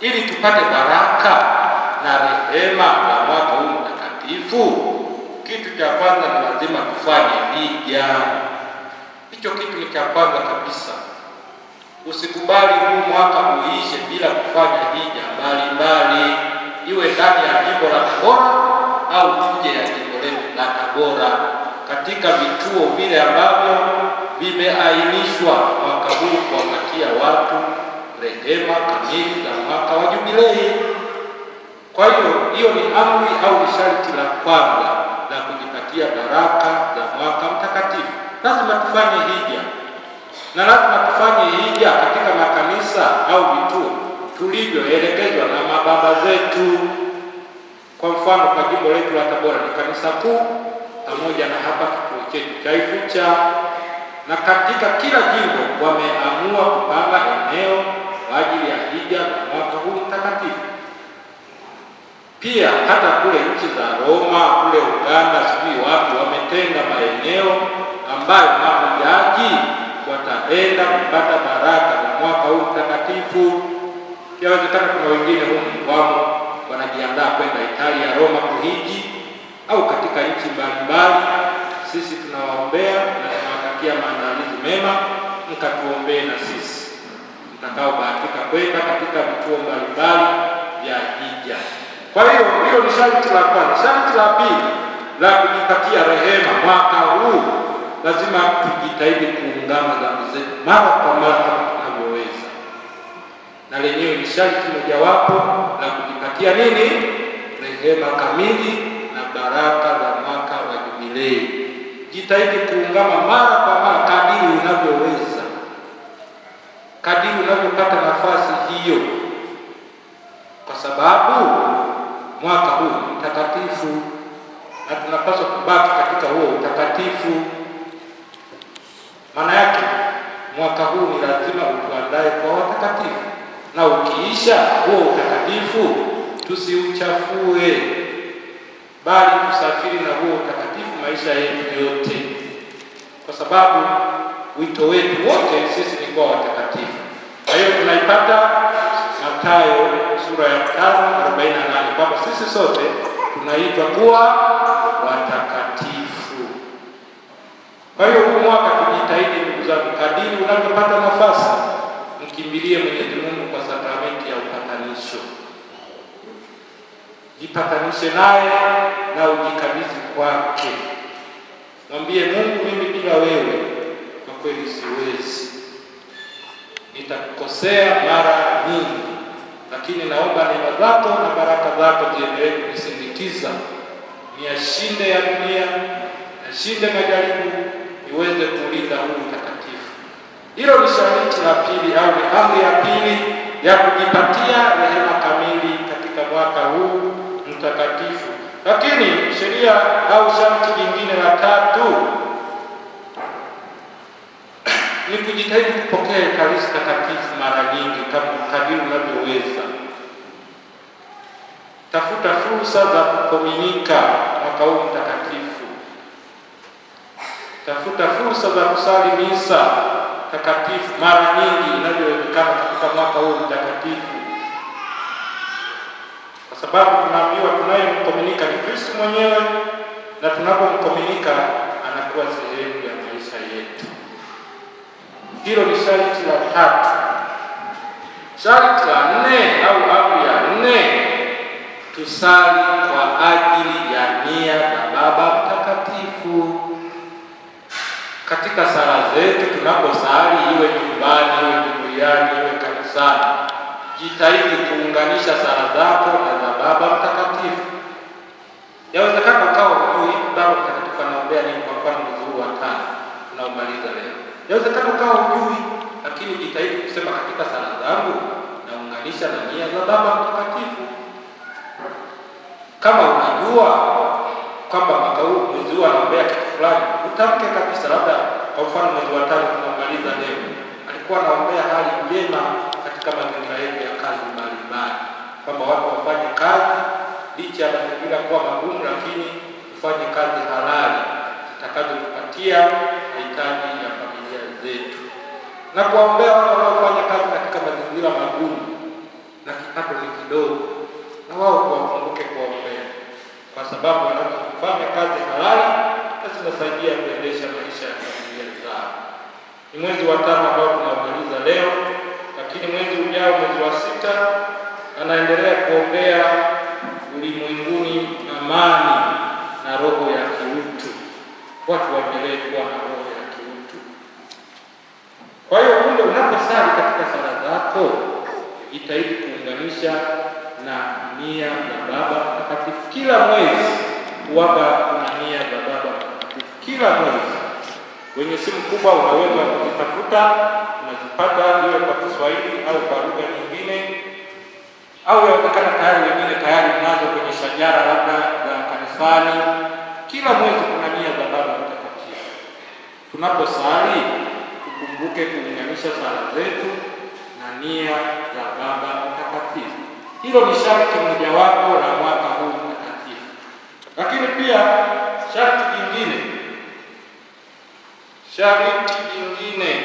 ili tupate baraka na rehema kwa mwaka huu mtakatifu. Kitu cha kwanza ni lazima tufanye hija. Hicho kitu ni cha kwanza kabisa. Usikubali huu mwaka uishe bila kufanya hija mbalimbali, iwe ndani ya jimbo la Tabora au nje ya jimbo letu la Tabora, katika vituo vile ambavyo vimeainishwa mwaka huu kuwapatia watu rehema kamili ya mwaka wa Jubilei. Kwa hiyo hiyo ni amri au ni sharti la kwanza la kujipatia baraka za mwaka mtakatifu. Lazima tufanye hija na lazima tufanye hija katika makanisa au vituo tulivyoelekezwa na mababa zetu. Kwa mfano, kwa jimbo letu la Tabora ni kanisa kuu pamoja na hapa kituo chetu cha Ifucha, na katika kila jimbo wameamua kupanga eneo kwa ajili ya hija na mwaka huu mtakatifu. Pia hata kule nchi za Roma kule Uganda, sijui wapi, wametenga maeneo ambayo mahujaji wataenda kupata baraka za mwaka huu mtakatifu. Yawezekana kuna wengine humu wamo wanajiandaa kwenda Italia, Roma kuhiji au katika nchi mbalimbali. Sisi tunawaombea na tunawatakia maandalizi mema, mkatuombee na sisi mtakaobahatika kwenda katika vituo mbalimbali vya hija. Kwa hiyo hilo ni sharti la kwanza. Sharti la pili la kujipatia rehema mwaka huu, lazima tujitahidi kuungama dhambi zetu mara kwa mara kama tunavyoweza, na lenyewe ni sharti mojawapo la kujipatia nini, rehema kamili na baraka za mwaka wa Jubilei. Jitahidi kuungama mara kwa mara kadiri unavyoweza kadiri unavyopata nafasi hiyo, kwa sababu mwaka huu mtakatifu na tunapaswa kubaki katika huo utakatifu. Maana yake mwaka huu ni lazima utuandae kwa watakatifu, na ukiisha huo utakatifu tusiuchafue, bali tusafiri na huo utakatifu maisha yetu yote, kwa sababu wito wetu wote sisi ni kwa watakatifu hiyo tunaipata Mathayo sura ya 5:48 kwamba sisi sote tunaitwa kuwa watakatifu. Kwa hiyo huu mwaka tujitahidi, ndugu zangu, kadiri unavyopata nafasi, mkimbilie Mwenyezi Mungu kwa sakramenti ya upatanisho. Jipatanishe naye na ujikabidhi kwake, mwambie Mungu, mimi bila wewe kwa kweli siwezi nitakukosea mara nyingi, lakini naomba neema zako na baraka zako ziendelee kunisindikiza, niyashinde ya dunia, nashinde majaribu, niweze kulinda huu mtakatifu. Hilo ni sharti la pili au ni amri ya pili ya kujipatia rehema kamili katika mwaka huu mtakatifu. Lakini sheria au sharti jingine la tatu ni kujitahidi kupokea Ekaristi Takatifu mara nyingi kadiri unavyoweza. Tafuta fursa za kukominika mwaka huu mtakatifu. Tafuta fursa za kusali misa takatifu mara nyingi inavyowezekana katika mwaka huu mtakatifu, kwa sababu tunaambiwa tunayemkominika ni Kristo mwenyewe, na tunapomkominika anakuwa sehemu ya hilo ni sharti la tatu. Sharti la nne au amri ya nne, tusali kwa ajili ya nia za Baba Mtakatifu katika sala zetu. Tunaposali, iwe nyumbani, iwe duniani, iwe kanisani, jitahidi kuunganisha sala zako na za Baba Mtakatifu. Yawezekana ukawa ujui Baba Mtakatifu anaombea nini, kwa mfano mzuru wa tano unaomaliza Inawezekana ukawa ujui lakini jitahidi kusema katika sala zangu naunganisha na nia za Baba Mtakatifu. Kama unajua kwamba mwaka huu mwezi huu anaombea kitu fulani, utamke kabisa. Labda kwa mfano mwezi wa tano tunamaliza leo, alikuwa anaombea hali njema katika mazingira yetu ya kazi mbalimbali, kwamba watu wafanye kazi licha ya mazingira kuwa magumu, lakini ufanye kazi halali zitakazotupatia mahitaji na kuwaombea wale wanaofanya kazi katika mazingira magumu na kipato ni kidogo, na wao kuwakumbuke kuwaombea, kwa sababu wanapofanya kazi halali na zinasaidia kuendesha maisha ya familia zao. Ni mwezi wa tano ambao tunaumaliza leo, lakini mwezi ujao, mwezi wa sita, anaendelea kuombea ulimwenguni amani sana katika sala zako, jitahidi kuunganisha na nia ya Baba Mtakatifu kila mwezi. Kuwapa kuna nia ya Baba Mtakatifu kila mwezi. Wenye simu kubwa unaweza kuzitafuta, unazipata iwe kwa Kiswahili au kwa lugha nyingine, au yawezekana tayari wengine tayari nazo kwenye shajara labda za kanisani. Kila mwezi kuna nia za Baba Mtakatifu tunaposali tukumbuke kulinganisha sala zetu na nia za Baba Mtakatifu. Hilo ni sharti mojawapo la mwaka huu mtakatifu, lakini pia sharti jingine sharti jingine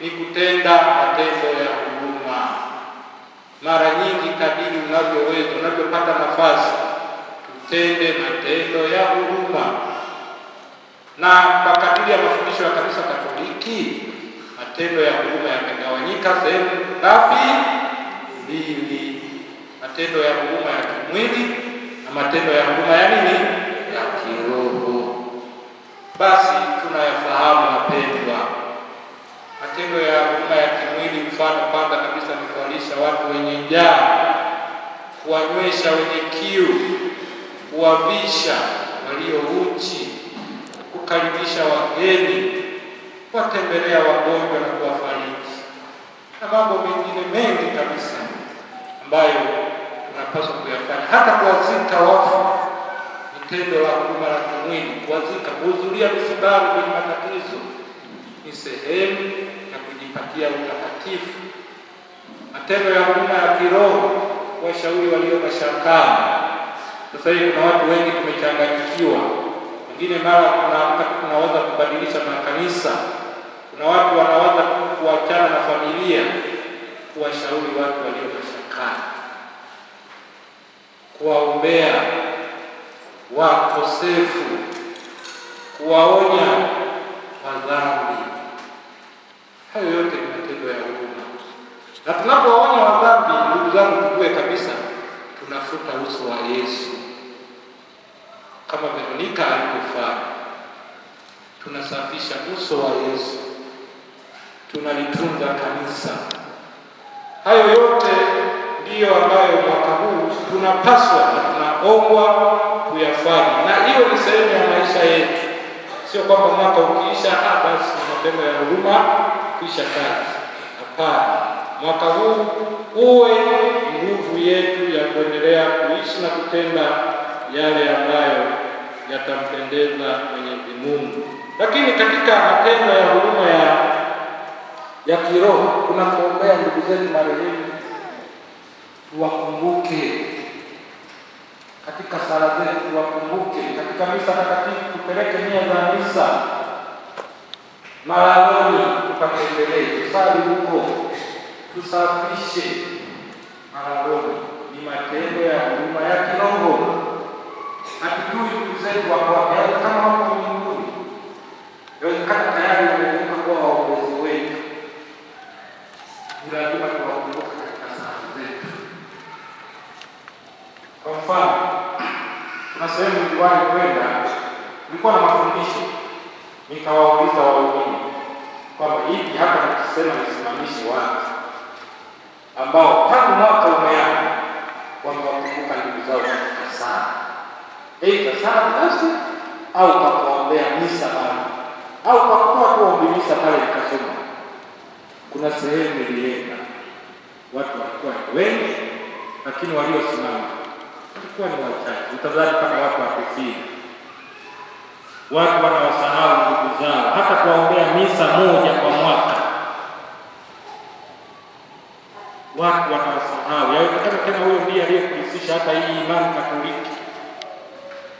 ni kutenda matendo ya huruma mara nyingi, kadiri unavyoweza, unavyopata nafasi, tutende matendo ya huruma na kwa kadiri ya mafundisho ya Kanisa Katoliki matendo ya huruma yamegawanyika sehemu ngapi? Mbili, matendo ya huruma ya kimwili na matendo ya huruma ya nini, ya kiroho. Basi tunayafahamu wapendwa, matendo ya huruma ya kimwili, mfano kwanza kabisa ni kuwalisha watu wenye njaa, kuwanywesha wenye kiu, kuwavisha walio uchi, kukaribisha wageni kuwatembelea wagonjwa na kuwafariji na mambo mengine mengi kabisa ambayo tunapaswa kuyafanya, hata kuwazika wafu. Ni tendo la huruma la kimwili kuwazika, kuhudhuria misibani kwenye matatizo ni sehemu ya kujipatia utakatifu. Matendo ya huruma ya kiroho, washauri walio mashakani. Sasa hivi kuna watu wengi tumechanganyikiwa, wengine mara tunaamka tunawaza kubadilisha makanisa kuna watu wanawaza tu kuachana na familia, kuwashauri watu walio mashakani, kuwaombea wakosefu, kuwaonya wadhambi. Hayo yote ni matendo ya huruma, na tunapowaonya wadhambi, ndugu zangu, tujue kabisa tunafuta uso wa Yesu kama Veronika alivyofanya, tunasafisha uso wa Yesu tunalitunza kanisa. Hayo yote ndiyo ambayo mwaka huu tunapaswa na tunaombwa kuyafanya, na hiyo ni sehemu ya maisha yetu, sio kwamba mwaka ukiisha, ah, basi mapendo ya huruma kuisha kazi. Hapana, mwaka huu uwe nguvu yetu ya kuendelea kuishi na kutenda yale ambayo yatampendeza Mwenyezi Mungu. Lakini katika matendo ya huruma ya ya kiroho, kuna kuombea ndugu zetu marehemu, tuwakumbuke katika sala zetu, tuwakumbuke katika misa takatifu, tupeleke nia za misa malaloni, tukatembelee, tusali huko, tusafishe maraloni. Ni matendo ya huduma ya kiroho. Hatujui ndugu zetu wako wapi, kama wako mbinguni, yawezekana tayari wamegeuka kuwa waombezi wetu ni tuwakumbuke katika safu zetu. Kwa mfano, kuna sehemu niliwahi kwenda, nilikuwa na mafundisho, nikawauliza waumini kwamba hivi hapa nikisema nisimamishi watu ambao tangu mwaka umeanza wamewakumbuka ndugu zao katika sala, aidha sala binafsi au kwa kuombea misa pale au kwa kutoa kuombi misa pale nikasema kuna sehemu ilienda watu walikuwa wengi, lakini waliosimama walikuwa ni wachache. Utazaji mpaka watu wa kusini, watu wanawasahau ndugu zao, hata kuwaombea misa moja kwa mwaka watu wanawasahau. Yawezekana tena huyo ndiye aliyekuhusisha hata hii imani Katoliki,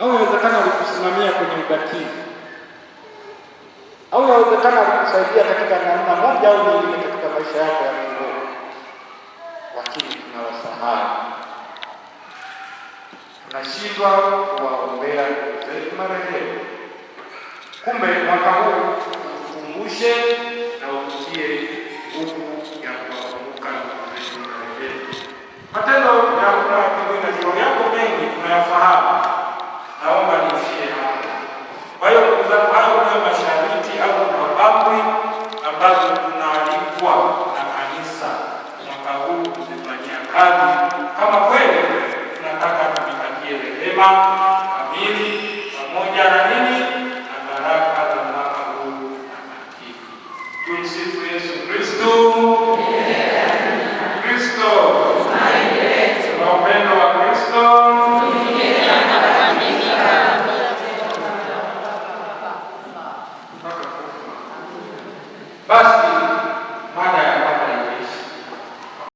au yawezekana alikusimamia kwenye ubatizo au inawezekana kukusaidia katika namna moja au nyingine katika maisha yako ya kiroho, lakini tunawasahau, tunashindwa kuwaombea ndugu zetu marehemu. Kumbe mwaka huu tukumbushe